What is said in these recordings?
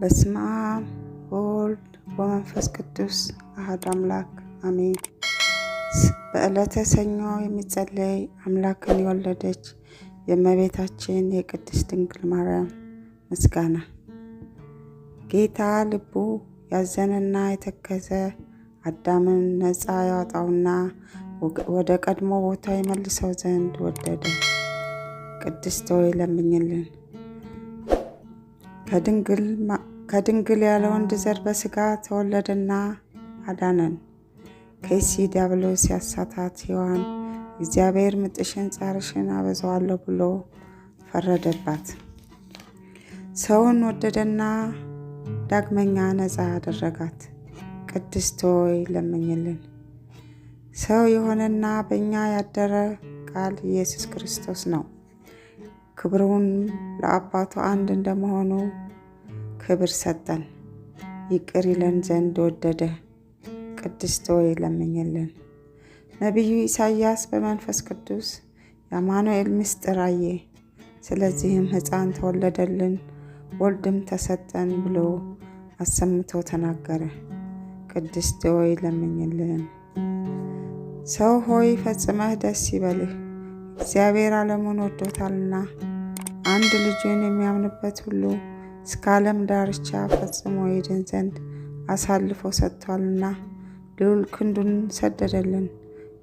በስመ አብ ወወልድ ወመንፈስ ቅዱስ አህድ አምላክ አሜን። በዕለተ ሰኞ የሚጸለይ አምላክን የወለደች የእመቤታችን የቅድስት ድንግል ማርያም ምስጋና። ጌታ ልቡ ያዘነና የተከዘ አዳምን ነፃ ያወጣውና ወደ ቀድሞ ቦታ ይመልሰው ዘንድ ወደደ። ቅድስት ሆይ ለምኝልን። ከድንግል ያለ ወንድ ዘር በስጋ ተወለደና አዳነን። ከይሲ ዲያብሎስ ያሳታት ሔዋን እግዚአብሔር ምጥሽን ጻርሽን አበዛዋለሁ ብሎ ፈረደባት። ሰውን ወደደና ዳግመኛ ነፃ አደረጋት። ቅድስት ሆይ ለምኝልን። ሰው የሆነና በእኛ ያደረ ቃል ኢየሱስ ክርስቶስ ነው። ክብሩን ለአባቱ አንድ እንደመሆኑ ክብር ሰጠን። ይቅር ይለን ዘንድ ወደደ። ቅድስት ሆይ ለምኝልን። ነቢዩ ኢሳያስ በመንፈስ ቅዱስ የአማኑኤል ምስጢር አየ፣ ስለዚህም ሕፃን ተወለደልን ወልድም ተሰጠን ብሎ አሰምቶ ተናገረ። ቅድስት ሆይ ለምኝልን። ሰው ሆይ ፈጽመህ ደስ ይበልህ እግዚአብሔር ዓለሙን ወዶታልና አንድ ልጁን የሚያምንበት ሁሉ እስከ ዓለም ዳርቻ ፈጽሞ ይድን ዘንድ አሳልፎ ሰጥቷልና ልዑል ክንዱን ሰደደልን።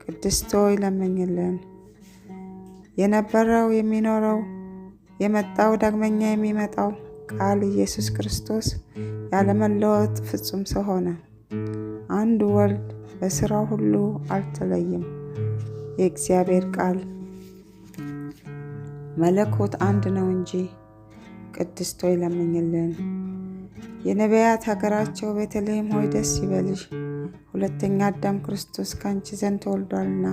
ቅድስቶ ይለመኝልን የነበረው የሚኖረው የመጣው ዳግመኛ የሚመጣው ቃል ኢየሱስ ክርስቶስ ያለመለወጥ ፍጹም ሰው ሆነ። አንድ ወልድ በሥራው ሁሉ አልተለይም። የእግዚአብሔር ቃል መለኮት አንድ ነው እንጂ። ቅድስት ሆይ ለምኝልን። የነቢያት ሀገራቸው ቤተልሔም ሆይ ደስ ይበልሽ፣ ሁለተኛ አዳም ክርስቶስ ከአንቺ ዘንድ ተወልዷልና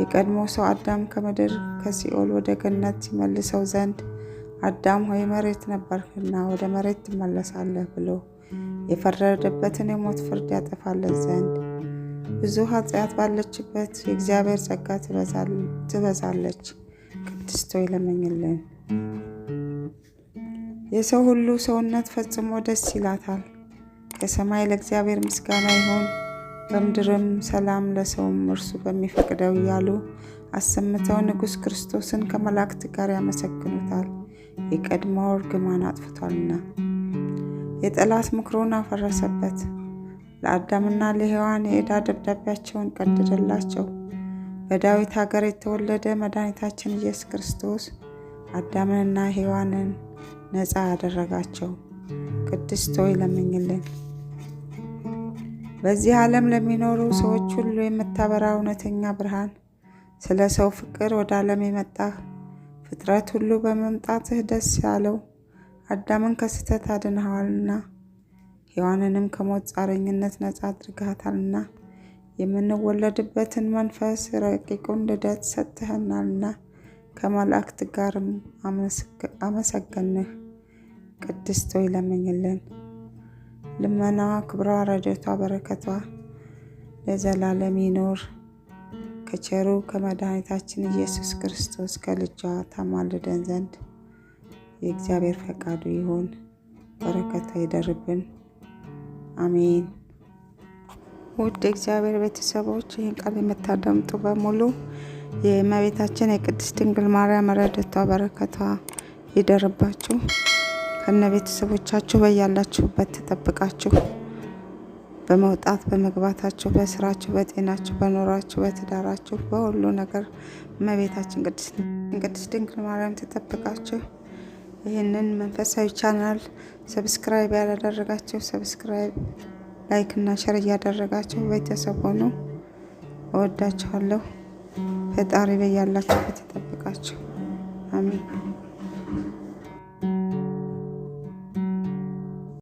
የቀድሞ ሰው አዳም ከምድር ከሲኦል ወደ ገነት ይመልሰው ዘንድ አዳም ሆይ መሬት ነበርክና ወደ መሬት ትመለሳለህ ብሎ የፈረደበትን የሞት ፍርድ ያጠፋለት ዘንድ ብዙ ኃጢአት ባለችበት የእግዚአብሔር ጸጋ ትበዛለች። ቅድስቶ ይለመኝልን። የሰው ሁሉ ሰውነት ፈጽሞ ደስ ይላታል። ከሰማይ ለእግዚአብሔር ምስጋና ይሁን፣ በምድርም ሰላም ለሰውም እርሱ በሚፈቅደው እያሉ አሰምተው ንጉሥ ክርስቶስን ከመላእክት ጋር ያመሰግኑታል። የቀድሞ እርግማን አጥፍቷልና የጠላት ምክሩን አፈረሰበት። ለአዳምና ለሔዋን የዕዳ ደብዳቤያቸውን ቀደደላቸው። በዳዊት ሀገር የተወለደ መድኃኒታችን ኢየሱስ ክርስቶስ አዳምንና ሔዋንን ነፃ ያደረጋቸው። ቅድስት ሆይ ለምኝልን። በዚህ ዓለም ለሚኖሩ ሰዎች ሁሉ የምታበራ እውነተኛ ብርሃን፣ ስለ ሰው ፍቅር ወደ ዓለም የመጣህ ፍጥረት ሁሉ በመምጣትህ ደስ ያለው አዳምን ከስህተት አድንሃዋልና ሔዋንንም ከሞት ጻረኝነት ነፃ አድርግሃታልና የምንወለድበትን መንፈስ ረቂቁን ልደት ሰጥተህናልና ከመላእክት ጋርም አመሰገንህ። ቅድስት ሆይ ለምኝልን። ልመናዋ፣ ክብሯ፣ ረድኤቷ፣ በረከቷ ለዘላለም ይኖር። ከቸሩ ከመድኃኒታችን ኢየሱስ ክርስቶስ ከልጇ ታማልደን ዘንድ የእግዚአብሔር ፈቃዱ ይሁን። በረከቷ ይደርብን። አሜን። ውድ እግዚአብሔር ቤተሰቦች ይህን ቃል የምታዳምጡ በሙሉ የእመቤታችን የቅድስት ድንግል ማርያም ረድኤቷ በረከቷ ይደርባችሁ፣ ከነ ቤተሰቦቻችሁ በያላችሁበት ተጠብቃችሁ፣ በመውጣት በመግባታችሁ፣ በስራችሁ፣ በጤናችሁ፣ በኑሯችሁ፣ በትዳራችሁ፣ በሁሉ ነገር እመቤታችን ቅድስት ድንግል ማርያም ተጠብቃችሁ። ይህንን መንፈሳዊ ቻናል ሰብስክራይብ ያላደረጋችሁ ሰብስክራይብ ላይክ እና ሸር እያደረጋቸው ቤተሰብ ሆኖ እወዳችኋለሁ። ፈጣሪ በያላችሁበት ይጠብቃችሁ። አሜን።